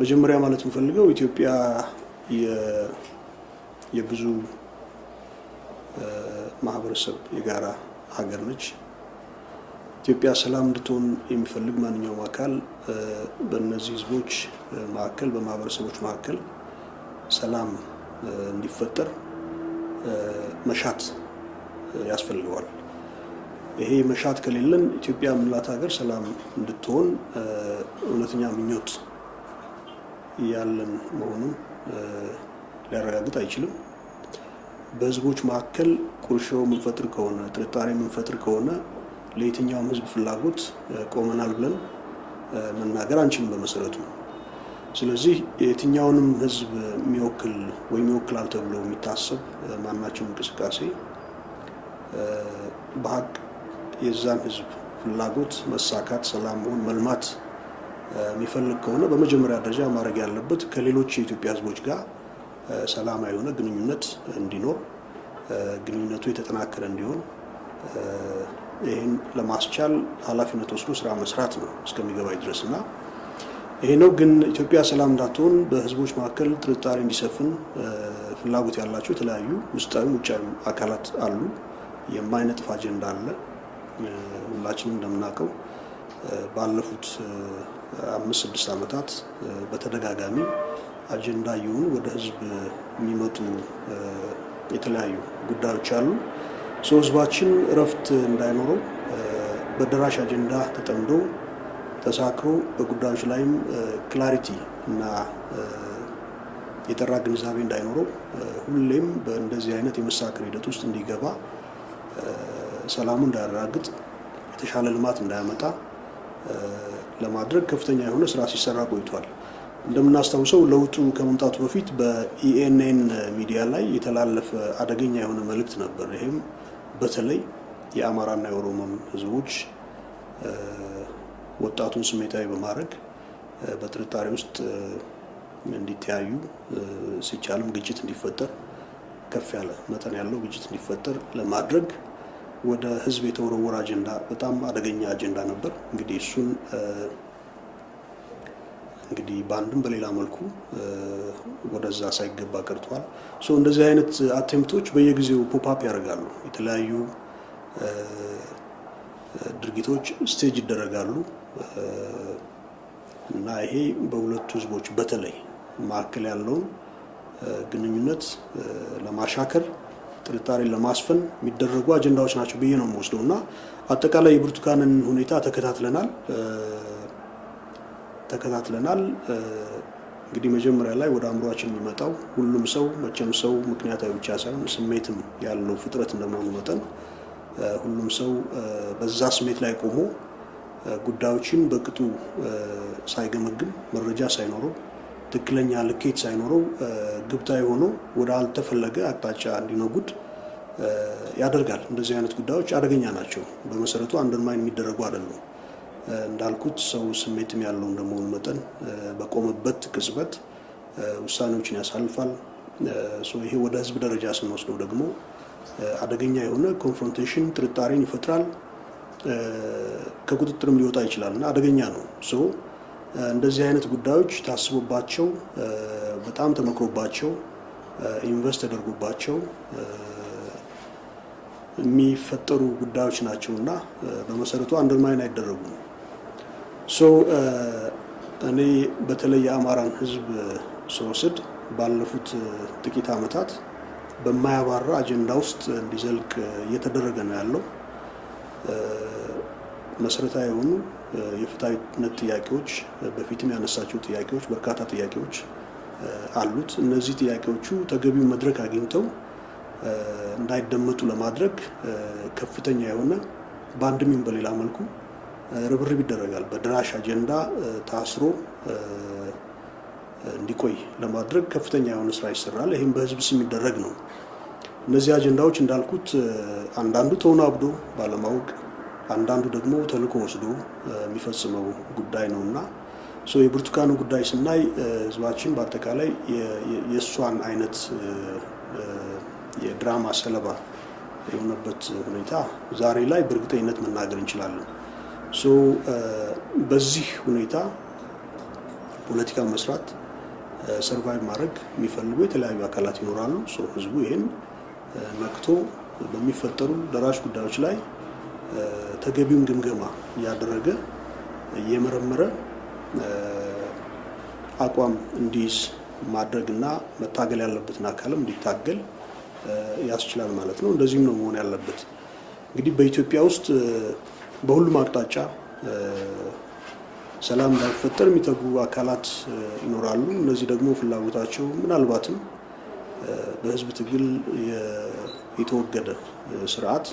መጀመሪያ ማለት የምፈልገው ኢትዮጵያ የብዙ ማህበረሰብ የጋራ ሀገር ነች። ኢትዮጵያ ሰላም እንድትሆን የሚፈልግ ማንኛውም አካል በእነዚህ ህዝቦች መካከል በማህበረሰቦች መካከል ሰላም እንዲፈጠር መሻት ያስፈልገዋል። ይሄ መሻት ከሌለን ኢትዮጵያ የምንላት ሀገር ሰላም እንድትሆን እውነተኛ ምኞት ያለን መሆኑን ሊያረጋግጥ አይችልም። በህዝቦች መካከል ቁርሾ የምንፈጥር ከሆነ ጥርጣሬ የምንፈጥር ከሆነ ለየትኛውም ህዝብ ፍላጎት ቆመናል ብለን መናገር አንችልም በመሰረቱ። ስለዚህ የትኛውንም ህዝብ የሚወክል ወይም ይወክላል ተብሎ የሚታሰብ ማናቸውም እንቅስቃሴ በሀቅ የዛን ህዝብ ፍላጎት መሳካት፣ ሰላም መሆን፣ መልማት የሚፈልግ ከሆነ በመጀመሪያ ደረጃ ማድረግ ያለበት ከሌሎች የኢትዮጵያ ሕዝቦች ጋር ሰላማዊ የሆነ ግንኙነት እንዲኖር ግንኙነቱ የተጠናከረ እንዲሆን ይህን ለማስቻል ኃላፊነት ወስዶ ስራ መስራት ነው እስከሚገባኝ ድረስ እና ይሄ ነው ግን ኢትዮጵያ ሰላም እንዳትሆን በህዝቦች መካከል ጥርጣሬ እንዲሰፍን ፍላጎት ያላቸው የተለያዩ ውስጣዊም ውጫዊም አካላት አሉ። የማይነጥፍ አጀንዳ አለ። ሁላችንም እንደምናውቀው ባለፉት አምስት ስድስት ዓመታት በተደጋጋሚ አጀንዳ የሆኑ ወደ ህዝብ የሚመጡ የተለያዩ ጉዳዮች አሉ። ሰው ህዝባችን እረፍት እንዳይኖረው በደራሽ አጀንዳ ተጠምዶ ተሳክሮ በጉዳዮች ላይም ክላሪቲ እና የጠራ ግንዛቤ እንዳይኖረው ሁሌም በእንደዚህ አይነት የመሳክር ሂደት ውስጥ እንዲገባ ሰላሙ እንዳያረጋግጥ የተሻለ ልማት እንዳያመጣ ለማድረግ ከፍተኛ የሆነ ስራ ሲሰራ ቆይቷል። እንደምናስታውሰው ለውጡ ከመምጣቱ በፊት በኢኤንኤን ሚዲያ ላይ የተላለፈ አደገኛ የሆነ መልእክት ነበር። ይህም በተለይ የአማራና የኦሮሞን ህዝቦች ወጣቱን ስሜታዊ በማድረግ በጥርጣሬ ውስጥ እንዲተያዩ ሲቻልም ግጭት እንዲፈጠር ከፍ ያለ መጠን ያለው ግጭት እንዲፈጠር ለማድረግ ወደ ህዝብ የተወረወረ አጀንዳ፣ በጣም አደገኛ አጀንዳ ነበር። እንግዲህ እሱን እንግዲህ በአንድም በሌላ መልኩ ወደዛ ሳይገባ ቀርቷል። ሶ እንደዚህ አይነት አቴምፕቶች በየጊዜው ፖፓፕ ያደርጋሉ። የተለያዩ ድርጊቶች ስቴጅ ይደረጋሉ እና ይሄ በሁለቱ ህዝቦች በተለይ መካከል ያለውን ግንኙነት ለማሻከር ጥርጣሬ ለማስፈን የሚደረጉ አጀንዳዎች ናቸው ብዬ ነው የምወስደው እና አጠቃላይ የብርቱካንን ሁኔታ ተከታትለናል ተከታትለናል እንግዲህ መጀመሪያ ላይ ወደ አእምሯችን የሚመጣው ሁሉም ሰው መቼም ሰው ምክንያታዊ ብቻ ሳይሆን ስሜትም ያለው ፍጥረት እንደመሆኑ መጠን ሁሉም ሰው በዛ ስሜት ላይ ቆሞ ጉዳዮችን በቅጡ ሳይገመግም መረጃ ሳይኖረው ትክክለኛ ልኬት ሳይኖረው ግብታዊ ሆኖ ወደ አልተፈለገ አቅጣጫ እንዲነጉድ ያደርጋል። እንደዚህ አይነት ጉዳዮች አደገኛ ናቸው። በመሰረቱ አንደርማይን የሚደረጉ አይደሉም። እንዳልኩት ሰው ስሜትም ያለው እንደመሆኑ መጠን በቆመበት ቅጽበት ውሳኔዎችን ያሳልፋል። ይሄ ወደ ህዝብ ደረጃ ስንወስደው ደግሞ አደገኛ የሆነ ኮንፍሮንቴሽን፣ ጥርጣሬን ይፈጥራል። ከቁጥጥርም ሊወጣ ይችላል እና አደገኛ ነው። እንደዚህ አይነት ጉዳዮች ታስቦባቸው በጣም ተመክሮባቸው ኢንቨስት ተደርጎባቸው የሚፈጠሩ ጉዳዮች ናቸው እና በመሰረቱ አንደርማይን አይደረጉም። ሶ እኔ በተለይ የአማራን ህዝብ ስወስድ ባለፉት ጥቂት ዓመታት በማያባራ አጀንዳ ውስጥ እንዲዘልቅ እየተደረገ ነው ያለው መሰረታዊ የሆኑ የፍትሐዊነት ጥያቄዎች በፊትም ያነሳቸው ጥያቄዎች በርካታ ጥያቄዎች አሉት። እነዚህ ጥያቄዎቹ ተገቢው መድረክ አግኝተው እንዳይደመጡ ለማድረግ ከፍተኛ የሆነ በአንድም በሌላ መልኩ ርብርብ ይደረጋል። በደራሽ አጀንዳ ታስሮ እንዲቆይ ለማድረግ ከፍተኛ የሆነ ስራ ይሰራል። ይህም በህዝብ ስም የሚደረግ ነው። እነዚህ አጀንዳዎች እንዳልኩት አንዳንዱ ተወናብዶ ባለማወቅ አንዳንዱ ደግሞ ተልዕኮ ወስዶ የሚፈጽመው ጉዳይ ነው እና የብርቱካኑ ጉዳይ ስናይ ህዝባችን በአጠቃላይ የእሷን አይነት የድራማ ሰለባ የሆነበት ሁኔታ ዛሬ ላይ በእርግጠኝነት መናገር እንችላለን። በዚህ ሁኔታ ፖለቲካ መስራት ሰርቫይቭ ማድረግ የሚፈልጉ የተለያዩ አካላት ይኖራሉ። ህዝቡ ይህን መክቶ በሚፈጠሩ ደራሽ ጉዳዮች ላይ ተገቢውን ግምገማ እያደረገ እየመረመረ አቋም እንዲይዝ ማድረግና መታገል ያለበትን አካልም እንዲታገል ያስችላል ማለት ነው። እንደዚህም ነው መሆን ያለበት። እንግዲህ በኢትዮጵያ ውስጥ በሁሉም አቅጣጫ ሰላም እንዳይፈጠር የሚተጉ አካላት ይኖራሉ። እነዚህ ደግሞ ፍላጎታቸው ምናልባትም በህዝብ ትግል የተወገደ ስርዓት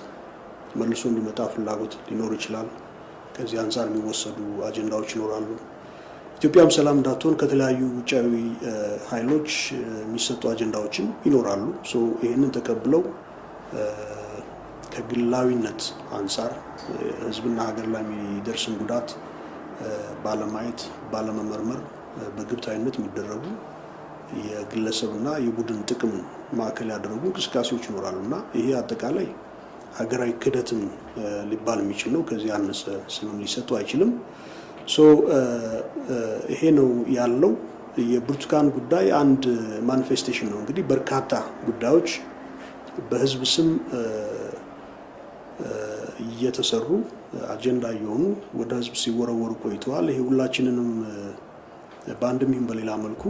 መልሶ እንዲመጣ ፍላጎት ሊኖር ይችላል። ከዚህ አንጻር የሚወሰዱ አጀንዳዎች ይኖራሉ። ኢትዮጵያም ሰላም እንዳትሆን ከተለያዩ ውጫዊ ኃይሎች የሚሰጡ አጀንዳዎችም ይኖራሉ። ይህንን ተቀብለው ከግላዊነት አንጻር ሕዝብና ሀገር ላይ የሚደርስን ጉዳት ባለማየት ባለመመርመር በግብታዊነት የሚደረጉ የግለሰብና የቡድን ጥቅም ማዕከል ያደረጉ እንቅስቃሴዎች ይኖራሉ እና ይሄ አጠቃላይ ሀገራዊ ክህደትም ሊባል የሚችል ነው። ከዚህ ያነሰ ስምም ሊሰጡ አይችልም። ይሄ ነው ያለው። የብርቱካን ጉዳይ አንድ ማኒፌስቴሽን ነው። እንግዲህ በርካታ ጉዳዮች በህዝብ ስም እየተሰሩ አጀንዳ እየሆኑ ወደ ህዝብ ሲወረወሩ ቆይተዋል። ይሄ ሁላችንንም በአንድም ይሁን በሌላ መልኩ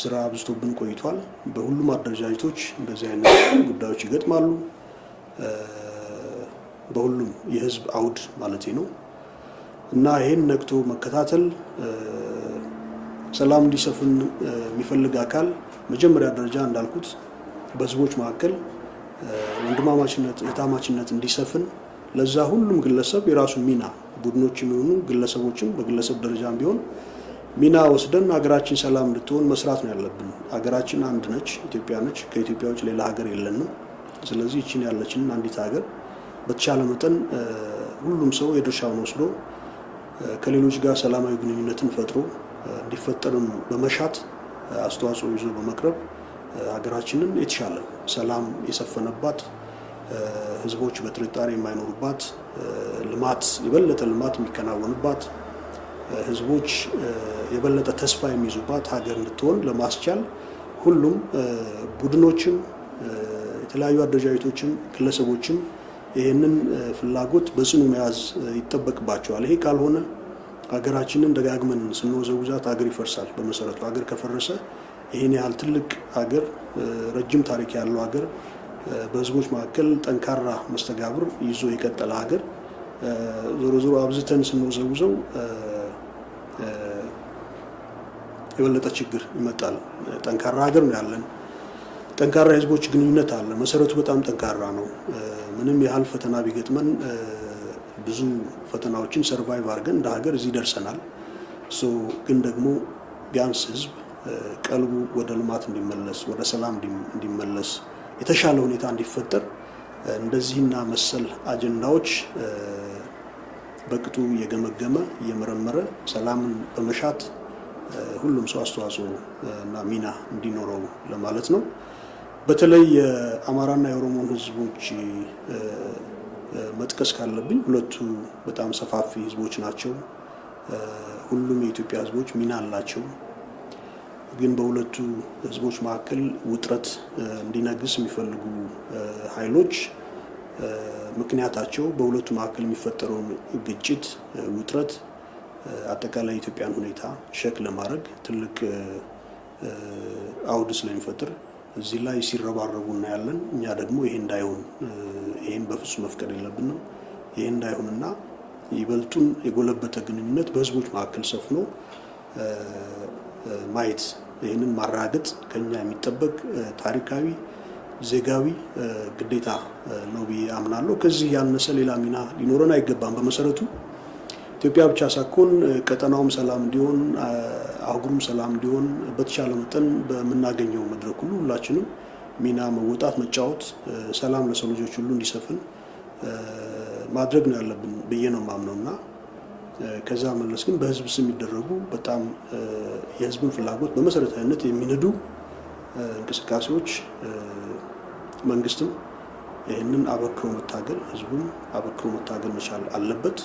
ስራ አብዝቶብን ቆይቷል። በሁሉም አደረጃጀቶች እንደዚህ አይነት ጉዳዮች ይገጥማሉ። በሁሉም የህዝብ አውድ ማለት ነው እና ይህን ነቅቶ መከታተል ሰላም እንዲሰፍን የሚፈልግ አካል መጀመሪያ ደረጃ እንዳልኩት በህዝቦች መካከል ወንድማማችነት፣ እህታማችነት እንዲሰፍን ለዛ ሁሉም ግለሰብ የራሱ ሚና ቡድኖች የሚሆኑ ግለሰቦችም በግለሰብ ደረጃም ቢሆን ሚና ወስደን ሀገራችን ሰላም እንድትሆን መስራት ነው ያለብን። ሀገራችን አንድ ነች፣ ኢትዮጵያ ነች። ከኢትዮጵያ ውጭ ሌላ ሀገር የለንም። ስለዚህ ይችን ያለችንን አንዲት ሀገር በተቻለ መጠን ሁሉም ሰው የድርሻውን ወስዶ ከሌሎች ጋር ሰላማዊ ግንኙነትን ፈጥሮ እንዲፈጠርም በመሻት አስተዋጽኦ ይዞ በመቅረብ ሀገራችንን የተሻለ ሰላም የሰፈነባት ህዝቦች በጥርጣሬ የማይኖሩባት ልማት የበለጠ ልማት የሚከናወንባት ህዝቦች የበለጠ ተስፋ የሚይዙባት ሀገር እንድትሆን ለማስቻል ሁሉም ቡድኖችም የተለያዩ አደረጃጀቶችም ግለሰቦችም ይህንን ፍላጎት በጽኑ መያዝ ይጠበቅባቸዋል። ይሄ ካልሆነ ሀገራችንን ደጋግመን ስንወዘውዛት ሀገር ይፈርሳል። በመሰረቱ ሀገር ከፈረሰ ይህን ያህል ትልቅ ሀገር፣ ረጅም ታሪክ ያለው ሀገር፣ በህዝቦች መካከል ጠንካራ መስተጋብር ይዞ የቀጠለ ሀገር ዞሮ ዞሮ አብዝተን ስንወዘውዘው የበለጠ ችግር ይመጣል። ጠንካራ ሀገር ነው ያለን። ጠንካራ የህዝቦች ግንኙነት አለ። መሰረቱ በጣም ጠንካራ ነው። ምንም ያህል ፈተና ቢገጥመን ብዙ ፈተናዎችን ሰርቫይቭ አድርገን እንደ ሀገር እዚህ ደርሰናል። ግን ደግሞ ቢያንስ ህዝብ ቀልቡ ወደ ልማት እንዲመለስ፣ ወደ ሰላም እንዲመለስ፣ የተሻለ ሁኔታ እንዲፈጠር እንደዚህና መሰል አጀንዳዎች በቅጡ እየገመገመ እየመረመረ ሰላምን በመሻት ሁሉም ሰው አስተዋጽኦ እና ሚና እንዲኖረው ለማለት ነው። በተለይ የአማራና የኦሮሞን ህዝቦች መጥቀስ ካለብኝ ሁለቱ በጣም ሰፋፊ ህዝቦች ናቸው። ሁሉም የኢትዮጵያ ህዝቦች ሚና አላቸው። ግን በሁለቱ ህዝቦች መካከል ውጥረት እንዲነግስ የሚፈልጉ ኃይሎች ምክንያታቸው በሁለቱ መካከል የሚፈጠረውን ግጭት፣ ውጥረት፣ አጠቃላይ የኢትዮጵያን ሁኔታ ሸክ ለማድረግ ትልቅ አውድ ስለሚፈጥር እዚህ ላይ ሲረባረቡ እናያለን። እኛ ደግሞ ይሄ እንዳይሆን ይህም በፍጹም መፍቀድ የለብንም። ይሄ እንዳይሆንና ይበልጡን የጎለበተ ግንኙነት በህዝቦች መካከል ሰፍኖ ማየት ይህንን ማራገጥ ከኛ የሚጠበቅ ታሪካዊ ዜጋዊ ግዴታ ነው ብዬ አምናለሁ። ከዚህ ያነሰ ሌላ ሚና ሊኖረን አይገባም በመሰረቱ ኢትዮጵያ ብቻ ሳይሆን ቀጠናውም ሰላም እንዲሆን አህጉሩም ሰላም እንዲሆን በተቻለ መጠን በምናገኘው መድረክ ሁሉ ሁላችንም ሚና መወጣት መጫወት፣ ሰላም ለሰው ልጆች ሁሉ እንዲሰፍን ማድረግ ነው ያለብን ብዬ ነው ማምነው እና ከዛ መለስ ግን በህዝብ ስም የሚደረጉ በጣም የህዝብን ፍላጎት በመሰረታዊነት የሚነዱ እንቅስቃሴዎች መንግስትም ይህንን አበክሮ መታገል ህዝቡም አበክሮ መታገል መቻል አለበት።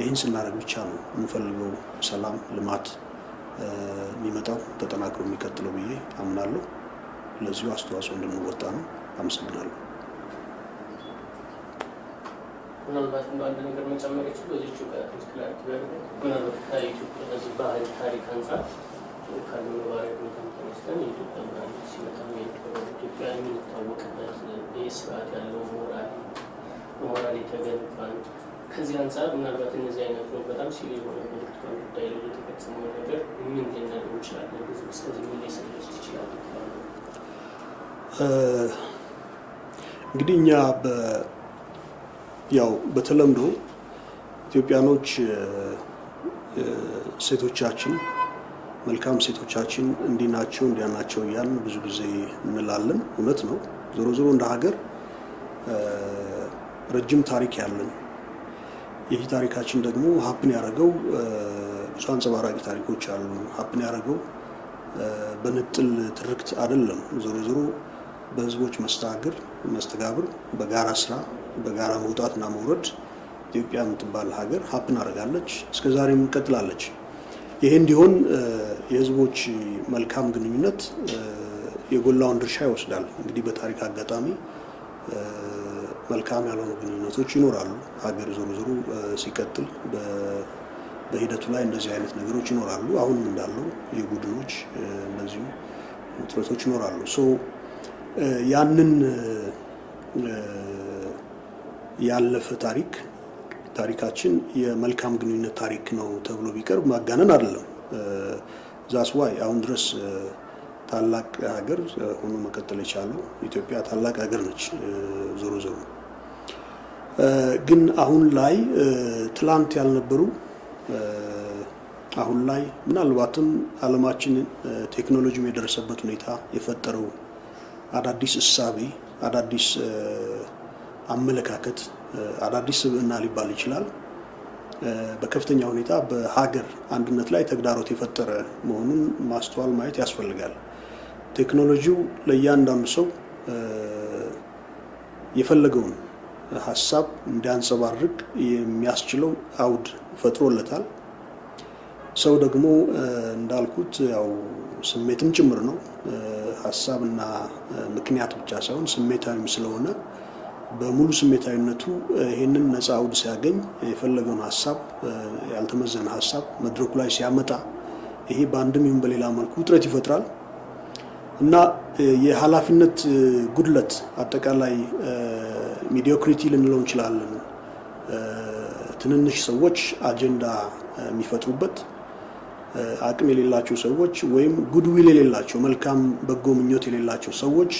ይህን ስናደርግ ብቻ ነው የምንፈልገው ሰላም፣ ልማት የሚመጣው ተጠናክሮ የሚቀጥለው ብዬ አምናለሁ። ለዚሁ አስተዋጽኦ እንድንወጣ ነው። አመሰግናለሁ። ምናልባት እንደ አንድ ነገር መጨመር ይችሉ በዚቹ ከፖለቲካል ምናልባት ከኢትዮጵያ ሕዝብ ባህል ታሪክ አንጻር ካለው ነባራዊ ሁኔታ ተነስተን የኢትዮጵያ ብራንድ ሲመጣ ኢትዮጵያ የሚታወቅበት ይህ ስርዓት ያለው ሞራል ሞራል የተገነባ ነው። ከዚህ አንጻር ምናልባት እነዚህ አይነት ነው በጣም ሲል የሆነ ፖለቲካዊ ጉዳይ ላይ የተፈጸመው ነገር ምን ሊናገሩ ይችላል? ህዝብ እስከዚህ ምን ላይ ይችላል? እንግዲህ እኛ ያው በተለምዶ ኢትዮጵያኖች ሴቶቻችን መልካም ሴቶቻችን እንዲህ ናቸው እንዲያ ናቸው እያልን ብዙ ጊዜ እንላለን። እውነት ነው። ዞሮ ዞሮ እንደ ሀገር ረጅም ታሪክ ያለን ይህ ታሪካችን ደግሞ ሀፕን ያደረገው ብዙ አንጸባራቂ ታሪኮች አሉ። ሀፕን ያደረገው በንጥል ትርክት አይደለም። ዞሮ ዞሮ በህዝቦች መስተጋግር መስተጋብር፣ በጋራ ስራ፣ በጋራ መውጣትና መውረድ ኢትዮጵያ የምትባል ሀገር ሀፕን አደርጋለች እስከ ዛሬም ቀጥላለች። ይሄ እንዲሆን የህዝቦች መልካም ግንኙነት የጎላውን ድርሻ ይወስዳል። እንግዲህ በታሪክ አጋጣሚ መልካም ያልሆኑ ግንኙነቶች ይኖራሉ። ሀገር ዞሮ ዞሮ ሲቀጥል በሂደቱ ላይ እንደዚህ አይነት ነገሮች ይኖራሉ። አሁንም እንዳለው የቡድኖች እንደዚሁ ውጥረቶች ይኖራሉ። ሶ ያንን ያለፈ ታሪክ ታሪካችን የመልካም ግንኙነት ታሪክ ነው ተብሎ ቢቀርብ ማጋነን አይደለም። ዛስ ዋይ አሁን ድረስ ታላቅ ሀገር ሆኖ መቀጠል የቻለው ኢትዮጵያ ታላቅ ሀገር ነች። ዞሮ ዞሮ ግን አሁን ላይ ትላንት ያልነበሩ አሁን ላይ ምናልባትም ዓለማችን ቴክኖሎጂ የደረሰበት ሁኔታ የፈጠረው አዳዲስ እሳቤ፣ አዳዲስ አመለካከት፣ አዳዲስ ስብዕና ሊባል ይችላል በከፍተኛ ሁኔታ በሀገር አንድነት ላይ ተግዳሮት የፈጠረ መሆኑን ማስተዋል ማየት ያስፈልጋል። ቴክኖሎጂው ለእያንዳንዱ ሰው የፈለገውን ሀሳብ እንዲያንጸባርቅ የሚያስችለው አውድ ፈጥሮለታል። ሰው ደግሞ እንዳልኩት ያው ስሜትም ጭምር ነው። ሀሳብና ምክንያት ብቻ ሳይሆን ስሜታዊም ስለሆነ በሙሉ ስሜታዊነቱ ይህንን ነፃ አውድ ሲያገኝ የፈለገውን ሀሳብ ያልተመዘነ ሀሳብ መድረኩ ላይ ሲያመጣ ይሄ በአንድም ይሁን በሌላ መልኩ ውጥረት ይፈጥራል። እና የኃላፊነት ጉድለት አጠቃላይ ሚዲዮክሪቲ ልንለው እንችላለን። ትንንሽ ሰዎች አጀንዳ የሚፈጥሩበት አቅም የሌላቸው ሰዎች ወይም ጉድዊል የሌላቸው መልካም በጎ ምኞት የሌላቸው ሰዎች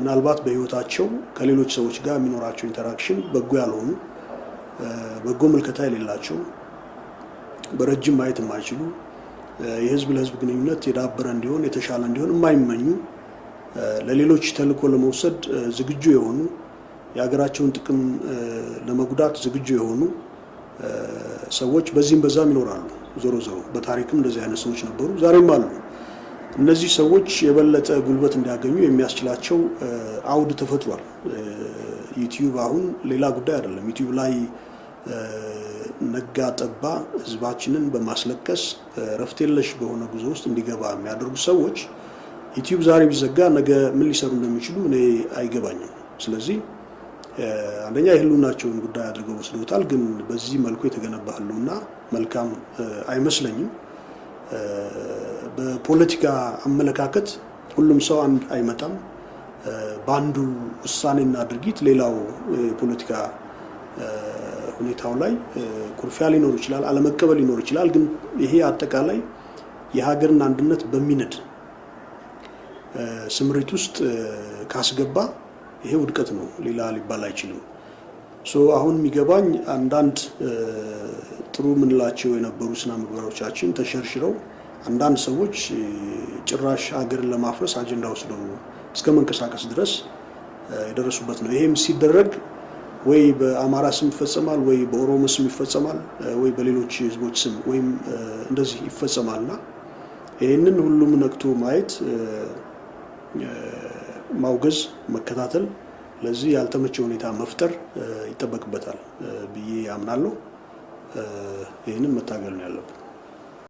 ምናልባት በሕይወታቸው ከሌሎች ሰዎች ጋር የሚኖራቸው ኢንተራክሽን በጎ ያልሆኑ በጎ ምልከታ የሌላቸው በረጅም ማየት የማይችሉ የህዝብ ለህዝብ ግንኙነት የዳበረ እንዲሆን የተሻለ እንዲሆን የማይመኙ ለሌሎች ተልኮ ለመውሰድ ዝግጁ የሆኑ የሀገራቸውን ጥቅም ለመጉዳት ዝግጁ የሆኑ ሰዎች በዚህም በዛም ይኖራሉ። ዞሮ ዞሮ በታሪክም እንደዚህ አይነት ሰዎች ነበሩ፣ ዛሬም አሉ። እነዚህ ሰዎች የበለጠ ጉልበት እንዲያገኙ የሚያስችላቸው አውድ ተፈጥሯል። ዩቲዩብ አሁን ሌላ ጉዳይ አይደለም። ዩቲዩብ ላይ ነጋ ጠባ ህዝባችንን በማስለቀስ ረፍት የለሽ በሆነ ጉዞ ውስጥ እንዲገባ የሚያደርጉ ሰዎች ዩቲዩብ ዛሬ ቢዘጋ ነገ ምን ሊሰሩ እንደሚችሉ እኔ አይገባኝም። ስለዚህ አንደኛ የህልውናቸውን ጉዳይ አድርገው ወስደውታል። ግን በዚህ መልኩ የተገነባ ህልውና መልካም አይመስለኝም። በፖለቲካ አመለካከት ሁሉም ሰው አንድ አይመጣም። በአንዱ ውሳኔና ድርጊት ሌላው የፖለቲካ ሁኔታው ላይ ኩርፊያ ሊኖር ይችላል፣ አለመቀበል ሊኖር ይችላል። ግን ይሄ አጠቃላይ የሀገርን አንድነት በሚነድ ስምሪት ውስጥ ካስገባ ይሄ ውድቀት ነው፣ ሌላ ሊባል አይችልም። አሁን የሚገባኝ አንዳንድ ጥሩ ምንላቸው የነበሩ ስነ ምግባሮቻችን ተሸርሽረው አንዳንድ ሰዎች ጭራሽ ሀገርን ለማፍረስ አጀንዳ ወስደው እስከ መንቀሳቀስ ድረስ የደረሱበት ነው። ይሄም ሲደረግ ወይ በአማራ ስም ይፈጸማል፣ ወይ በኦሮሞ ስም ይፈጸማል፣ ወይ በሌሎች ህዝቦች ስም ወይም እንደዚህ ይፈጸማልና ይህንን ሁሉም ነቅቶ ማየት፣ ማውገዝ፣ መከታተል ለዚህ ያልተመቸ ሁኔታ መፍጠር ይጠበቅበታል ብዬ አምናለሁ። ይህንን መታገል ነው ያለብን።